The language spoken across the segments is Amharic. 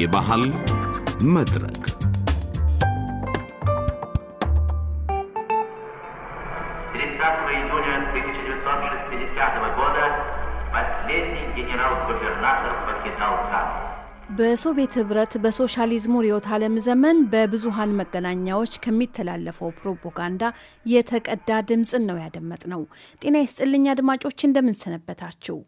የባህል መድረክ በሶቪየት ህብረት በሶሻሊዝሙ ርዕዮተ ዓለም ዘመን በብዙሃን መገናኛዎች ከሚተላለፈው ፕሮፓጋንዳ የተቀዳ ድምፅን ነው ያደመጥ ነው። ጤና ይስጥልኝ አድማጮች እንደምንሰነበታችሁ።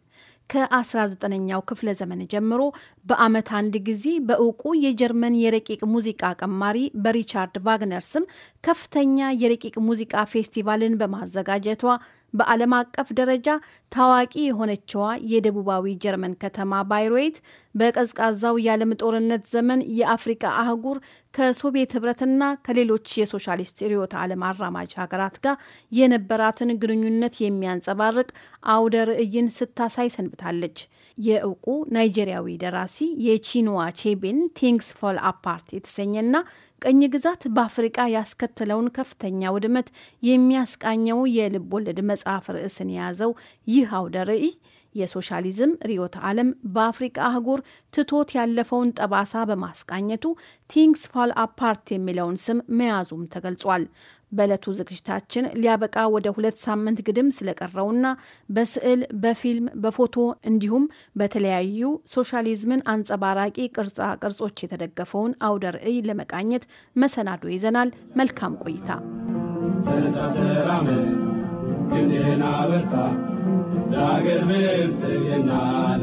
ከ19ኛው ክፍለ ዘመን ጀምሮ በዓመት አንድ ጊዜ በእውቁ የጀርመን የረቂቅ ሙዚቃ ቀማሪ በሪቻርድ ቫግነር ስም ከፍተኛ የረቂቅ ሙዚቃ ፌስቲቫልን በማዘጋጀቷ በዓለም አቀፍ ደረጃ ታዋቂ የሆነችዋ የደቡባዊ ጀርመን ከተማ ባይሮይት በቀዝቃዛው የዓለም ጦርነት ዘመን የአፍሪቃ አህጉር ከሶቪየት ህብረትና ከሌሎች የሶሻሊስት ርዕዮተ ዓለም አራማጅ ሀገራት ጋር የነበራትን ግንኙነት የሚያንጸባርቅ አውደ ርዕይን ስታሳይ ሰንብታለች። የእውቁ ናይጄሪያዊ ደራሲ የቺንዋ ቼቤን ቲንግስ ፎል አፓርት የተሰኘና ቀኝ ግዛት በአፍሪቃ ያስከተለውን ከፍተኛ ውድመት የሚያስቃኘው የልብ ወለድ መጽሐፍ ርዕስን የያዘው ይህ አውደ ርዕይ የሶሻሊዝም ርዕዮተ ዓለም በአፍሪቃ አህጉር ትቶት ያለፈውን ጠባሳ በማስቃኘቱ ቲንግስ ፋል አፓርት የሚለውን ስም መያዙም ተገልጿል። በዕለቱ ዝግጅታችን ሊያበቃ ወደ ሁለት ሳምንት ግድም ስለቀረውና በስዕል፣ በፊልም፣ በፎቶ እንዲሁም በተለያዩ ሶሻሊዝምን አንጸባራቂ ቅርጻ ቅርጾች የተደገፈውን አውደ ርዕይ ለመቃኘት መሰናዶ ይዘናል። መልካም ቆይታ። ለአገር ብልጽግና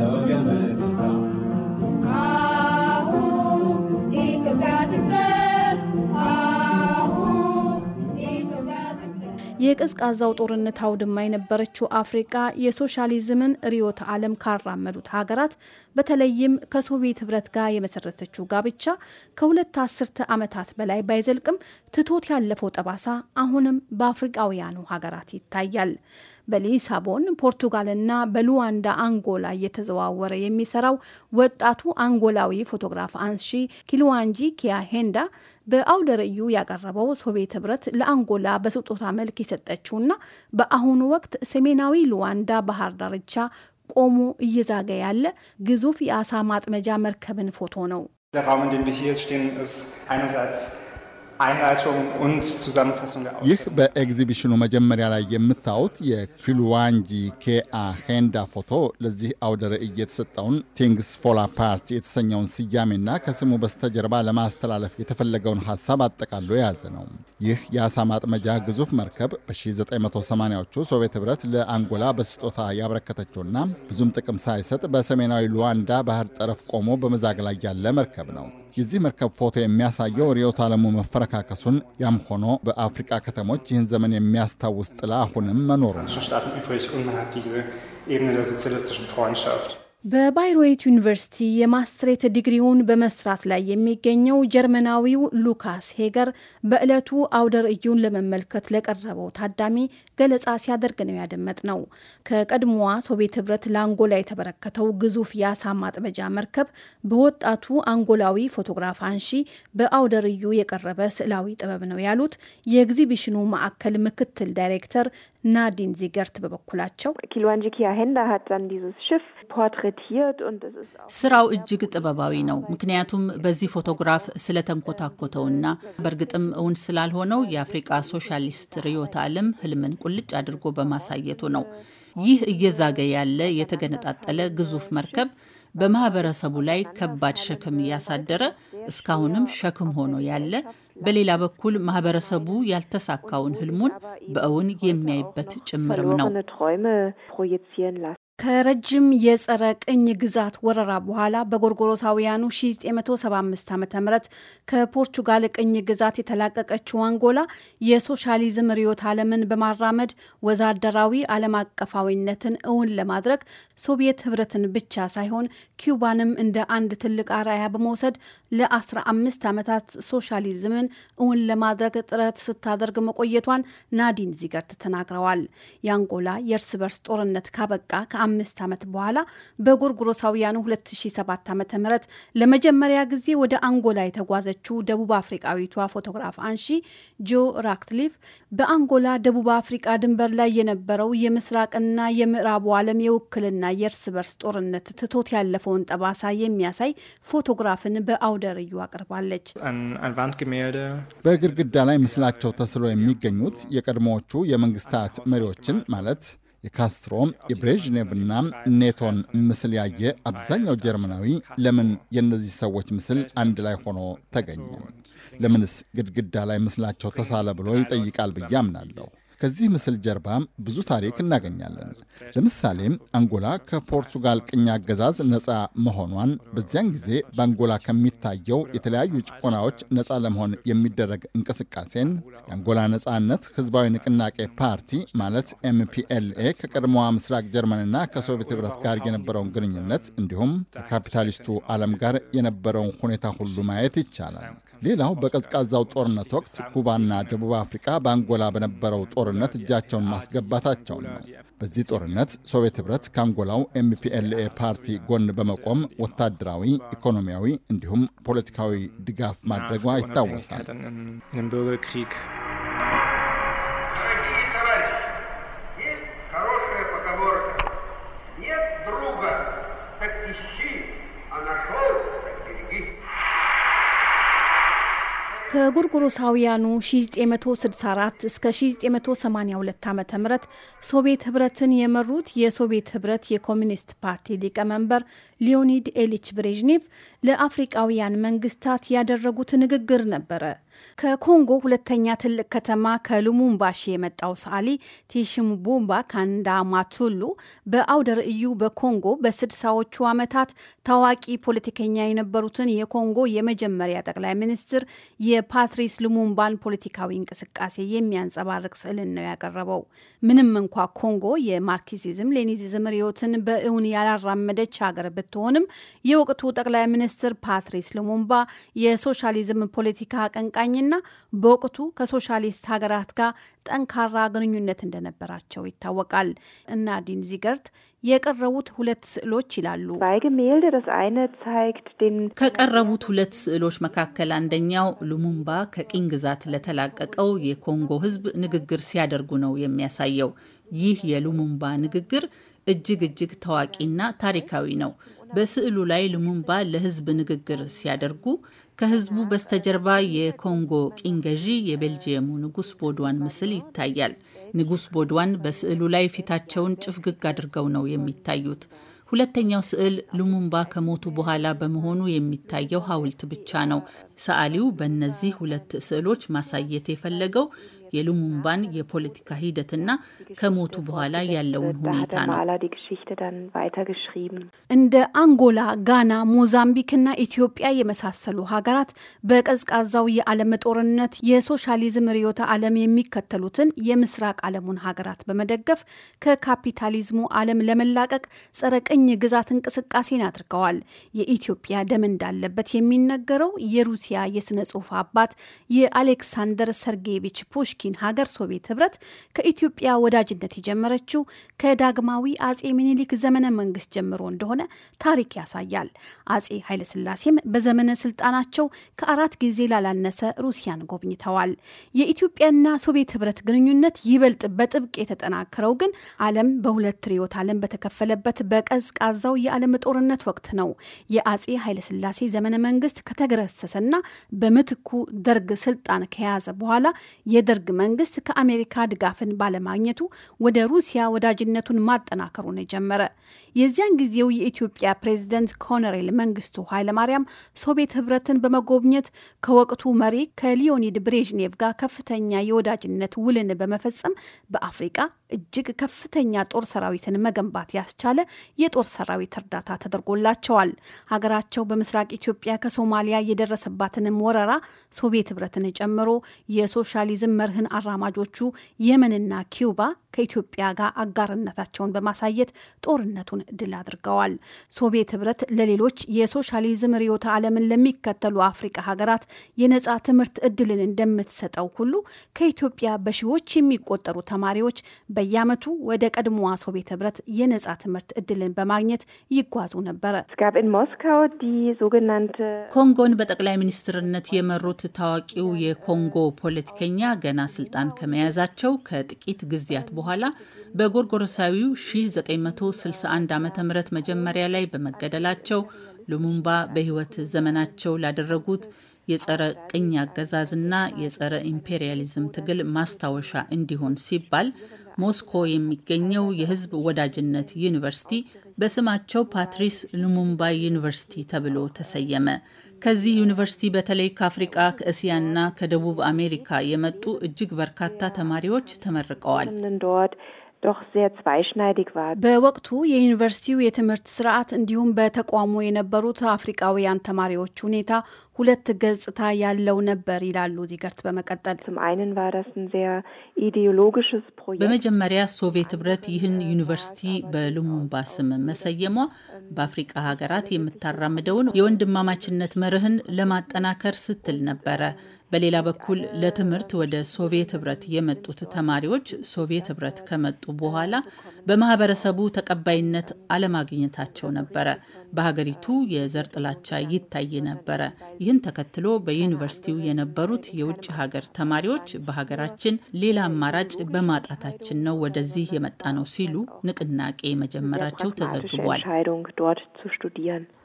ለወገን የቀዝቃዛው ጦርነት አውድማ የነበረችው አፍሪቃ የሶሻሊዝምን ርዕዮተ ዓለም ካራመዱት ሀገራት በተለይም ከሶቪየት ሕብረት ጋር የመሰረተችው ጋብቻ ከሁለት አስርተ ዓመታት በላይ ባይዘልቅም ትቶት ያለፈው ጠባሳ አሁንም በአፍሪቃውያኑ ሀገራት ይታያል። በሊሳቦን ፖርቱጋልና በሉዋንዳ አንጎላ እየተዘዋወረ የሚሰራው ወጣቱ አንጎላዊ ፎቶግራፍ አንሺ ኪልዋንጂ ኪያ ሄንዳ በአውደ ርዕዩ ያቀረበው ሶቪየት ህብረት ለአንጎላ በስጦታ መልክ የሰጠችውና በአሁኑ ወቅት ሰሜናዊ ሉዋንዳ ባህር ዳርቻ ቆሞ እየዛገ ያለ ግዙፍ የአሳ ማጥመጃ መርከብን ፎቶ ነው። ይህ በኤግዚቢሽኑ መጀመሪያ ላይ የምታዩት የኪሉዋንጂ ኬአ ሄንዳ ፎቶ ለዚህ አውደ ርዕይ የተሰጠውን ቲንግስ ፎላ ፓርት የተሰኘውን ስያሜና ከስሙ በስተጀርባ ለማስተላለፍ የተፈለገውን ሀሳብ አጠቃሎ የያዘ ነው። ይህ የአሳ ማጥመጃ ግዙፍ መርከብ በ1980ዎቹ ሶቪየት ህብረት ለአንጎላ በስጦታ ያበረከተችውና ብዙም ጥቅም ሳይሰጥ በሰሜናዊ ሉዋንዳ ባህር ጠረፍ ቆሞ በመዛግ ላይ ያለ መርከብ ነው። የዚህ መርከብ ፎቶ የሚያሳየው ርዕዮተ ዓለሙ መፈረካ መፈካከሱን፣ ያም ሆኖ በአፍሪቃ ከተሞች ይህን ዘመን የሚያስታውስ ጥላ አሁንም መኖሩ በባይሮይት ዩኒቨርሲቲ የማስትሬት ዲግሪውን በመስራት ላይ የሚገኘው ጀርመናዊው ሉካስ ሄገር በዕለቱ አውደ ርዕዩን ለመመልከት ለቀረበው ታዳሚ ገለጻ ሲያደርግ ነው ያደመጥ ነው። ከቀድሞዋ ሶቪየት ህብረት ለአንጎላ የተበረከተው ግዙፍ የአሳ ማጥመጃ መርከብ በወጣቱ አንጎላዊ ፎቶግራፍ አንሺ በአውደ ርዕዩ የቀረበ ስዕላዊ ጥበብ ነው ያሉት የኤግዚቢሽኑ ማዕከል ምክትል ዳይሬክተር ናዲን ዚገርት በበኩላቸው ስራው እጅግ ጥበባዊ ነው። ምክንያቱም በዚህ ፎቶግራፍ ስለተንኮታኮተውና በእርግጥም እውን ስላልሆነው የአፍሪቃ ሶሻሊስት ርዕዮተ ዓለም ህልምን ቁልጭ አድርጎ በማሳየቱ ነው። ይህ እየዛገ ያለ የተገነጣጠለ ግዙፍ መርከብ በማህበረሰቡ ላይ ከባድ ሸክም ያሳደረ እስካሁንም ሸክም ሆኖ ያለ፣ በሌላ በኩል ማህበረሰቡ ያልተሳካውን ህልሙን በእውን የሚያይበት ጭምርም ነው። ከረጅም የጸረ ቅኝ ግዛት ወረራ በኋላ በጎርጎሮሳውያኑ 1975 ዓ ም ከፖርቹጋል ቅኝ ግዛት የተላቀቀችው አንጎላ የሶሻሊዝም ርዕዮተ ዓለምን በማራመድ ወዛደራዊ ዓለም አቀፋዊነትን እውን ለማድረግ ሶቪየት ህብረትን ብቻ ሳይሆን ኪዩባንም እንደ አንድ ትልቅ አርአያ በመውሰድ ለ15 ዓመታት ሶሻሊዝምን እውን ለማድረግ ጥረት ስታደርግ መቆየቷን ናዲን ዚገርት ተናግረዋል። የአንጎላ የእርስ በርስ ጦርነት ካበቃ ከአምስት ዓመት በኋላ በጎርጎሮሳውያኑ 2007 ዓ ም ለመጀመሪያ ጊዜ ወደ አንጎላ የተጓዘችው ደቡብ አፍሪቃዊቷ ፎቶግራፍ አንሺ ጆ ራክትሊፍ በአንጎላ ደቡብ አፍሪቃ ድንበር ላይ የነበረው የምስራቅና የምዕራቡ ዓለም የውክልና የእርስ በርስ ጦርነት ትቶት ያለፈውን ጠባሳ የሚያሳይ ፎቶግራፍን በአውደ ርዕዩ አቅርባለች። በግድግዳ ላይ ምስላቸው ተስሎ የሚገኙት የቀድሞዎቹ የመንግስታት መሪዎችን ማለት የካስትሮ የብሬዥኔቭና ኔቶን ምስል ያየ አብዛኛው ጀርመናዊ ለምን የእነዚህ ሰዎች ምስል አንድ ላይ ሆኖ ተገኘ? ለምንስ ግድግዳ ላይ ምስላቸው ተሳለ ብሎ ይጠይቃል ብዬ አምናለሁ። ከዚህ ምስል ጀርባ ብዙ ታሪክ እናገኛለን። ለምሳሌም አንጎላ ከፖርቱጋል ቅኝ አገዛዝ ነፃ መሆኗን፣ በዚያን ጊዜ በአንጎላ ከሚታየው የተለያዩ ጭቆናዎች ነፃ ለመሆን የሚደረግ እንቅስቃሴን፣ የአንጎላ ነፃነት ህዝባዊ ንቅናቄ ፓርቲ ማለት ኤምፒኤልኤ ከቀድሞዋ ምስራቅ ጀርመንና ከሶቪየት ህብረት ጋር የነበረውን ግንኙነት እንዲሁም ከካፒታሊስቱ ዓለም ጋር የነበረውን ሁኔታ ሁሉ ማየት ይቻላል። ሌላው በቀዝቃዛው ጦርነት ወቅት ኩባና ደቡብ አፍሪካ በአንጎላ በነበረው ጦር ጦርነት እጃቸውን ማስገባታቸውን ነው። በዚህ ጦርነት ሶቪየት ህብረት ከአንጎላው ኤምፒኤልኤ ፓርቲ ጎን በመቆም ወታደራዊ፣ ኢኮኖሚያዊ እንዲሁም ፖለቲካዊ ድጋፍ ማድረጓ ይታወሳል። ከጉርጉሮሳውያኑ 1964 እስከ 1982 ዓ ም ሶቪየት ህብረትን የመሩት የሶቪየት ህብረት የኮሚኒስት ፓርቲ ሊቀመንበር ሊዮኒድ ኤሊች ብሬዥኔቭ ለአፍሪቃውያን መንግስታት ያደረጉት ንግግር ነበረ። ከኮንጎ ሁለተኛ ትልቅ ከተማ ከሉሙምባሺ የመጣው ሰዓሊ ቡምባ ካንዳ ማቱሉ በአውደ ርዕዩ በኮንጎ በስድሳዎቹ ዓመታት ታዋቂ ፖለቲከኛ የነበሩትን የኮንጎ የመጀመሪያ ጠቅላይ ሚኒስትር የፓትሪስ ሉሙምባን ፖለቲካዊ እንቅስቃሴ የሚያንጸባርቅ ስዕልን ነው ያቀረበው። ምንም እንኳ ኮንጎ የማርክሲዝም ሌኒዚዝም ርዕዮትን በእውን ያላራመደች ሀገር ብትሆንም የወቅቱ ጠቅላይ ሚኒስትር ፓትሪስ ሉሙምባ የሶሻሊዝም ፖለቲካ አቀንቃ አቀንቃኝና በወቅቱ ከሶሻሊስት ሀገራት ጋር ጠንካራ ግንኙነት እንደነበራቸው ይታወቃል። እና ዲን ዚገርት የቀረቡት ሁለት ስዕሎች ይላሉ። ከቀረቡት ሁለት ስዕሎች መካከል አንደኛው ሉሙምባ ከቅኝ ግዛት ለተላቀቀው የኮንጎ ሕዝብ ንግግር ሲያደርጉ ነው የሚያሳየው። ይህ የሉሙምባ ንግግር እጅግ እጅግ ታዋቂና ታሪካዊ ነው። በስዕሉ ላይ ልሙምባ ለህዝብ ንግግር ሲያደርጉ ከህዝቡ በስተጀርባ የኮንጎ ቅኝ ገዢ የቤልጅየሙ ንጉስ ቦድዋን ምስል ይታያል። ንጉስ ቦድዋን በስዕሉ ላይ ፊታቸውን ጭፍግግ አድርገው ነው የሚታዩት። ሁለተኛው ስዕል ሉሙምባ ከሞቱ በኋላ በመሆኑ የሚታየው ሐውልት ብቻ ነው። ሰዓሊው በእነዚህ ሁለት ስዕሎች ማሳየት የፈለገው የሉሙምባን የፖለቲካ ሂደትና ከሞቱ በኋላ ያለውን ሁኔታ ነው። እንደ አንጎላ፣ ጋና፣ ሞዛምቢክ እና ኢትዮጵያ የመሳሰሉ ሀገራት በቀዝቃዛው የዓለም ጦርነት የሶሻሊዝም ርዕዮተ ዓለም የሚከተሉትን የምስራቅ ዓለሙን ሀገራት በመደገፍ ከካፒታሊዝሙ ዓለም ለመላቀቅ ጸረ ቅኝ ግዛት እንቅስቃሴን አድርገዋል። የኢትዮጵያ ደም እንዳለበት የሚነገረው የሩሲያ የስነ ጽሑፍ አባት የአሌክሳንደር ሰርጌቪች ፑሽኪ ምስኪን ሀገር ሶቪየት ህብረት ከኢትዮጵያ ወዳጅነት የጀመረችው ከዳግማዊ አጼ ሚኒሊክ ዘመነ መንግስት ጀምሮ እንደሆነ ታሪክ ያሳያል። አጼ ኃይለስላሴም በዘመነ ስልጣናቸው ከአራት ጊዜ ላላነሰ ሩሲያን ጎብኝተዋል። የኢትዮጵያና ሶቪየት ህብረት ግንኙነት ይበልጥ በጥብቅ የተጠናከረው ግን ዓለም በሁለት ርዕዮተ ዓለም በተከፈለበት በቀዝቃዛው የዓለም ጦርነት ወቅት ነው። የአጼ ኃይለስላሴ ዘመነ መንግስት ከተገረሰሰና በምትኩ ደርግ ስልጣን ከያዘ በኋላ የደርግ መንግስት ከአሜሪካ ድጋፍን ባለማግኘቱ ወደ ሩሲያ ወዳጅነቱን ማጠናከሩን ጀመረ። የዚያን ጊዜው የኢትዮጵያ ፕሬዝደንት ኮሎኔል መንግስቱ ኃይለማርያም ሶቪየት ህብረትን በመጎብኘት ከወቅቱ መሪ ከሊዮኒድ ብሬዥኔቭ ጋር ከፍተኛ የወዳጅነት ውልን በመፈጸም በአፍሪቃ እጅግ ከፍተኛ ጦር ሰራዊትን መገንባት ያስቻለ የጦር ሰራዊት እርዳታ ተደርጎላቸዋል። ሀገራቸው በምስራቅ ኢትዮጵያ ከሶማሊያ የደረሰባትንም ወረራ ሶቪየት ህብረትን ጨምሮ የሶሻሊዝም መርህ አራማጆቹ የመንና ኪውባ ከኢትዮጵያ ጋር አጋርነታቸውን በማሳየት ጦርነቱን ድል አድርገዋል። ሶቪየት ህብረት ለሌሎች የሶሻሊዝም ርዕዮተ ዓለምን ለሚከተሉ አፍሪካ ሀገራት የነጻ ትምህርት እድልን እንደምትሰጠው ሁሉ ከኢትዮጵያ በሺዎች የሚቆጠሩ ተማሪዎች በየዓመቱ ወደ ቀድሞዋ ሶቪየት ህብረት የነጻ ትምህርት እድልን በማግኘት ይጓዙ ነበረ። ኮንጎን በጠቅላይ ሚኒስትርነት የመሩት ታዋቂው የኮንጎ ፖለቲከኛ ገና ስልጣን ከመያዛቸው ከጥቂት ጊዜያት በኋላ በጎርጎረሳዊው 1961 ዓ ም መጀመሪያ ላይ በመገደላቸው ሉሙምባ በህይወት ዘመናቸው ላደረጉት የጸረ ቅኝ አገዛዝና የጸረ ኢምፔሪያሊዝም ትግል ማስታወሻ እንዲሆን ሲባል ሞስኮ የሚገኘው የህዝብ ወዳጅነት ዩኒቨርሲቲ በስማቸው ፓትሪስ ሉሙምባ ዩኒቨርሲቲ ተብሎ ተሰየመ። ከዚህ ዩኒቨርሲቲ በተለይ ከአፍሪቃ ከእስያና ከደቡብ አሜሪካ የመጡ እጅግ በርካታ ተማሪዎች ተመርቀዋል። doch sehr በወቅቱ የዩኒቨርሲቲው የትምህርት ስርዓት እንዲሁም በተቋሙ የነበሩት አፍሪካውያን ተማሪዎች ሁኔታ ሁለት ገጽታ ያለው ነበር ይላሉ ዚገርት በመቀጠል በመጀመሪያ ሶቪየት ህብረት ይህን ዩኒቨርሲቲ በሉሙምባ ስም መሰየሟ በአፍሪቃ ሀገራት የምታራምደውን የወንድማማችነት መርህን ለማጠናከር ስትል ነበረ። በሌላ በኩል ለትምህርት ወደ ሶቪየት ህብረት የመጡት ተማሪዎች ሶቪየት ህብረት ከመጡ በኋላ በማህበረሰቡ ተቀባይነት አለማግኘታቸው ነበረ። በሀገሪቱ የዘር ጥላቻ ይታይ ነበረ። ይህን ተከትሎ በዩኒቨርሲቲው የነበሩት የውጭ ሀገር ተማሪዎች በሀገራችን ሌላ አማራጭ በማጣታችን ነው ወደዚህ የመጣ ነው ሲሉ ንቅናቄ መጀመራቸው ተዘግቧል።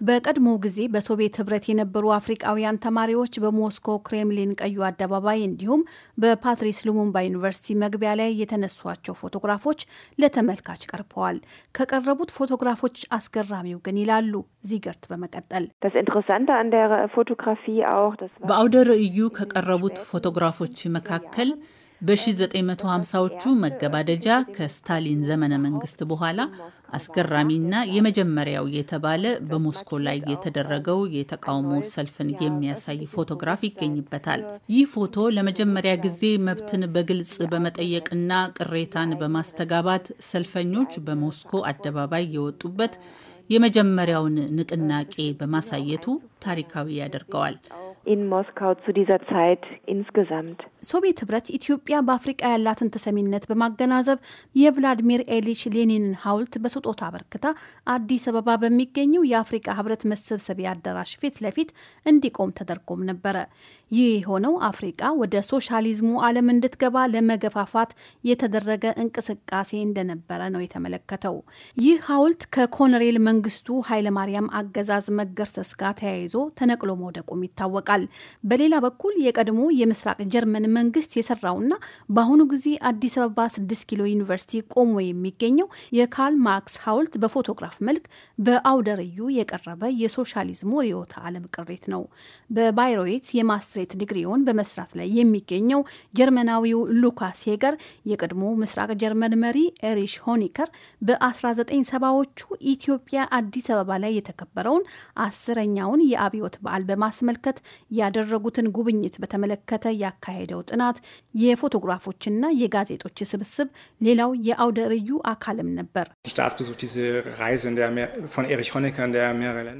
በቀድሞ ጊዜ በሶቪየት ህብረት የነበሩ አፍሪቃውያን ተማሪዎች በሞስኮ ክሬምሊን ቀዩ አደባባይ እንዲሁም በፓትሪስ ሉሙምባ ዩኒቨርሲቲ መግቢያ ላይ የተነሷቸው ፎቶግራፎች ለተመልካች ቀርበዋል። ከቀረቡት ፎቶግራፎች አስገራሚው ግን ይላሉ ዚገርት በመቀጠል በአውደ ርዕዩ ከቀረቡት ፎቶግራፎች መካከል በ1950ዎቹ መገባደጃ ከስታሊን ዘመነ መንግስት በኋላ አስገራሚና የመጀመሪያው የተባለ በሞስኮ ላይ የተደረገው የተቃውሞ ሰልፍን የሚያሳይ ፎቶግራፍ ይገኝበታል። ይህ ፎቶ ለመጀመሪያ ጊዜ መብትን በግልጽ በመጠየቅና ቅሬታን በማስተጋባት ሰልፈኞች በሞስኮ አደባባይ የወጡበት የመጀመሪያውን ንቅናቄ በማሳየቱ ታሪካዊ ያደርገዋል። in Moskau zu dieser Zeit insgesamt. ሶቪየት ህብረት ኢትዮጵያ በአፍሪቃ ያላትን ተሰሚነት በማገናዘብ የቭላድሚር ኤሊች ሌኒንን ሐውልት በስጦታ አበርክታ አዲስ አበባ በሚገኘው የአፍሪቃ ህብረት መሰብሰቢያ አዳራሽ ፊት ለፊት እንዲቆም ተደርጎም ነበረ። ይህ የሆነው አፍሪቃ ወደ ሶሻሊዝሙ ዓለም እንድትገባ ለመገፋፋት የተደረገ እንቅስቃሴ እንደነበረ ነው የተመለከተው። ይህ ሐውልት ከኮሎኔል መንግስቱ ኃይለማርያም አገዛዝ መገርሰስ ጋር ተያይዞ ተነቅሎ መውደቁም ይታወቃል። ይጠይቃል። በሌላ በኩል የቀድሞ የምስራቅ ጀርመን መንግስት የሰራውና በአሁኑ ጊዜ አዲስ አበባ 6 ኪሎ ዩኒቨርሲቲ ቆሞ የሚገኘው የካል ማርክስ ሐውልት በፎቶግራፍ መልክ በአውደርዩ የቀረበ የሶሻሊዝሙ ርዕዮተ ዓለም ቅሪት ነው። በባይሮዌት የማስትሬት ዲግሪውን በመስራት ላይ የሚገኘው ጀርመናዊው ሉካስ ሄገር የቀድሞ ምስራቅ ጀርመን መሪ ኤሪሽ ሆኒከር በ1970ዎቹ ኢትዮጵያ አዲስ አበባ ላይ የተከበረውን አስረኛውን የአብዮት በዓል በማስመልከት ያደረጉትን ጉብኝት በተመለከተ ያካሄደው ጥናት የፎቶግራፎችና የጋዜጦች ስብስብ ሌላው የአውደ ርዕዩ አካልም ነበር።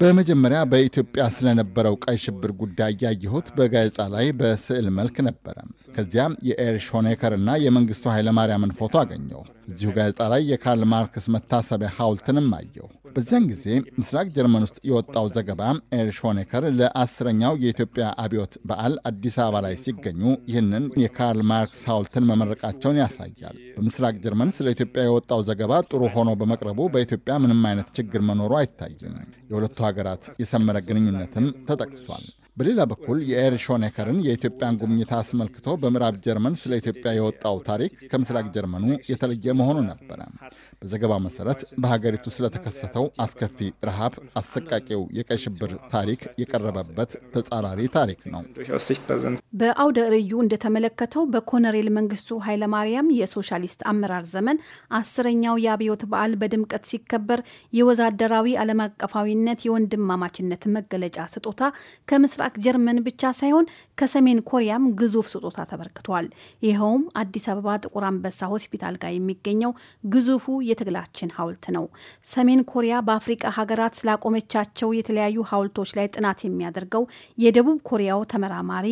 በመጀመሪያ በኢትዮጵያ ስለነበረው ቀይ ሽብር ጉዳይ ያየሁት በጋዜጣ ላይ በስዕል መልክ ነበረ። ከዚያም የኤሪሽ ሆኔከር እና የመንግስቱ ኃይለማርያምን ፎቶ አገኘሁ። እዚሁ ጋዜጣ ላይ የካርል ማርክስ መታሰቢያ ሐውልትንም አየሁ። በዚያን ጊዜ ምስራቅ ጀርመን ውስጥ የወጣው ዘገባ ኤርሾኔከር ለአስረኛው የኢትዮጵያ አብዮት በዓል አዲስ አበባ ላይ ሲገኙ ይህንን የካርል ማርክስ ሐውልትን መመረቃቸውን ያሳያል። በምስራቅ ጀርመን ስለ ኢትዮጵያ የወጣው ዘገባ ጥሩ ሆኖ በመቅረቡ በኢትዮጵያ ምንም አይነት ችግር መኖሩ አይታይም። የሁለቱ ሀገራት የሰመረ ግንኙነትም ተጠቅሷል። በሌላ በኩል የኤር ሾኔከርን የኢትዮጵያን ጉብኝት አስመልክቶ በምዕራብ ጀርመን ስለ ኢትዮጵያ የወጣው ታሪክ ከምስራቅ ጀርመኑ የተለየ መሆኑ ነበረ። በዘገባ መሰረት በሀገሪቱ ስለተከሰተው አስከፊ ረሃብ፣ አሰቃቂው የቀይ ሽብር ታሪክ የቀረበበት ተጻራሪ ታሪክ ነው። በአውደ ርዕዩ እንደተመለከተው በኮነሬል መንግስቱ ኃይለማርያም የሶሻሊስት አመራር ዘመን አስረኛው የአብዮት በዓል በድምቀት ሲከበር የወዛደራዊ ዓለም አቀፋዊነት የወንድማማችነት መገለጫ ስጦታ ከምስራ ምስራቅ ጀርመን ብቻ ሳይሆን ከሰሜን ኮሪያም ግዙፍ ስጦታ ተበርክቷል። ይኸውም አዲስ አበባ ጥቁር አንበሳ ሆስፒታል ጋር የሚገኘው ግዙፉ የትግላችን ሐውልት ነው። ሰሜን ኮሪያ በአፍሪቃ ሀገራት ስላቆመቻቸው የተለያዩ ሐውልቶች ላይ ጥናት የሚያደርገው የደቡብ ኮሪያው ተመራማሪ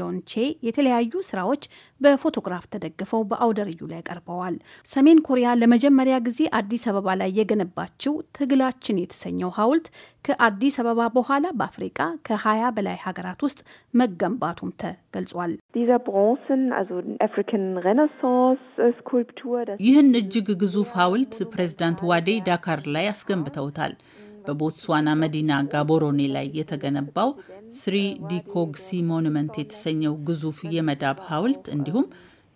ጆን ቼ የተለያዩ ስራዎች በፎቶግራፍ ተደግፈው በአውደ ርዕዩ ላይ ቀርበዋል። ሰሜን ኮሪያ ለመጀመሪያ ጊዜ አዲስ አበባ ላይ የገነባችው ትግላችን የተሰኘው ሐውልት ከአዲስ አበባ በኋላ በአፍሪቃ ከ20 በላይ ሀገራት ውስጥ መገንባቱም ተገልጿል። ይህን እጅግ ግዙፍ ሐውልት ፕሬዚዳንት ዋዴ ዳካር ላይ አስገንብተውታል። በቦትስዋና መዲና ጋቦሮኔ ላይ የተገነባው ስሪ ዲኮግሲ ሞኑመንት የተሰኘው ግዙፍ የመዳብ ሐውልት እንዲሁም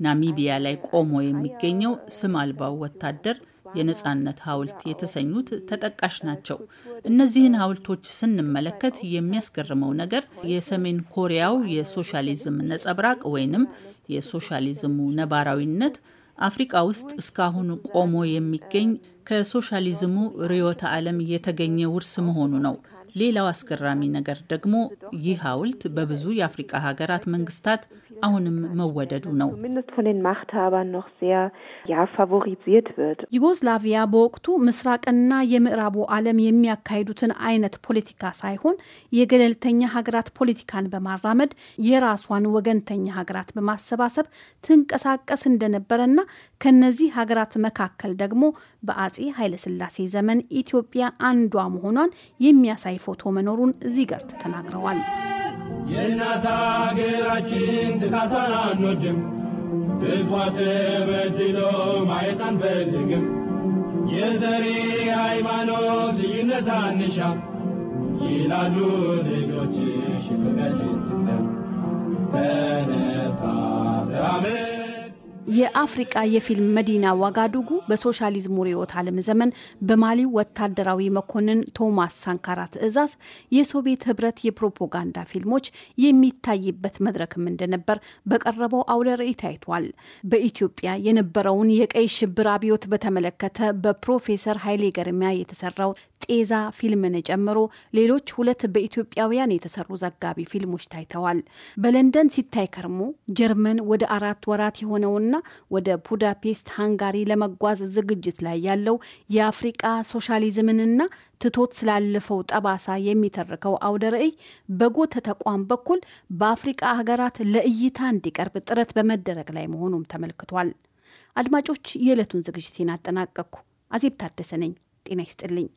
ናሚቢያ ላይ ቆሞ የሚገኘው ስም አልባው ወታደር የነጻነት ሐውልት የተሰኙት ተጠቃሽ ናቸው። እነዚህን ሐውልቶች ስንመለከት የሚያስገርመው ነገር የሰሜን ኮሪያው የሶሻሊዝም ነጸብራቅ ወይንም የሶሻሊዝሙ ነባራዊነት አፍሪቃ ውስጥ እስካሁን ቆሞ የሚገኝ ከሶሻሊዝሙ ርዕዮተ ዓለም የተገኘ ውርስ መሆኑ ነው። ሌላው አስገራሚ ነገር ደግሞ ይህ ሐውልት በብዙ የአፍሪቃ ሀገራት መንግስታት አሁንም መወደዱ ነው። ዩጎስላቪያ በወቅቱ ምስራቅና የምዕራቡ ዓለም የሚያካሂዱትን አይነት ፖለቲካ ሳይሆን የገለልተኛ ሀገራት ፖለቲካን በማራመድ የራሷን ወገንተኛ ሀገራት በማሰባሰብ ትንቀሳቀስ እንደነበረና ከነዚህ ሀገራት መካከል ደግሞ በአጼ ኃይለስላሴ ዘመን ኢትዮጵያ አንዷ መሆኗን የሚያሳይ ፎቶ መኖሩን ዚገርት ተናግረዋል። የእናት ሀገራችን ጥቃቷን አንወድም፣ ህዝቧ ተበድሎ ማየት አንፈልግም። የዘሬ ሃይማኖት ልዩነት አንሻ ይላሉ ልጆችሽ ፍለሽትነ ተነሳ የአፍሪቃ የፊልም መዲና ዋጋዱጉ በሶሻሊዝሙ ርዕዮተ ዓለም ዘመን በማሊው ወታደራዊ መኮንን ቶማስ ሳንካራ ትእዛዝ የሶቪየት ህብረት የፕሮፓጋንዳ ፊልሞች የሚታይበት መድረክም እንደነበር በቀረበው አውደ ርዕይ ታይቷል። በኢትዮጵያ የነበረውን የቀይ ሽብር አብዮት በተመለከተ በፕሮፌሰር ኃይሌ ገርሚያ የተሰራው ጤዛ ፊልምን ጨምሮ ሌሎች ሁለት በኢትዮጵያውያን የተሰሩ ዘጋቢ ፊልሞች ታይተዋል። በለንደን ሲታይ ከርሞ ጀርመን ወደ አራት ወራት የሆነውና ወደ ቡዳፔስት ሃንጋሪ ለመጓዝ ዝግጅት ላይ ያለው የአፍሪቃ ሶሻሊዝምንና ትቶት ስላለፈው ጠባሳ የሚተርከው አውደ ርዕይ በጎተ ተቋም በኩል በአፍሪቃ ሀገራት ለእይታ እንዲቀርብ ጥረት በመደረግ ላይ መሆኑም ተመልክቷል። አድማጮች፣ የዕለቱን ዝግጅት አጠናቀቅኩ። አዜብ ታደሰ ነኝ። ጤና ይስጥልኝ።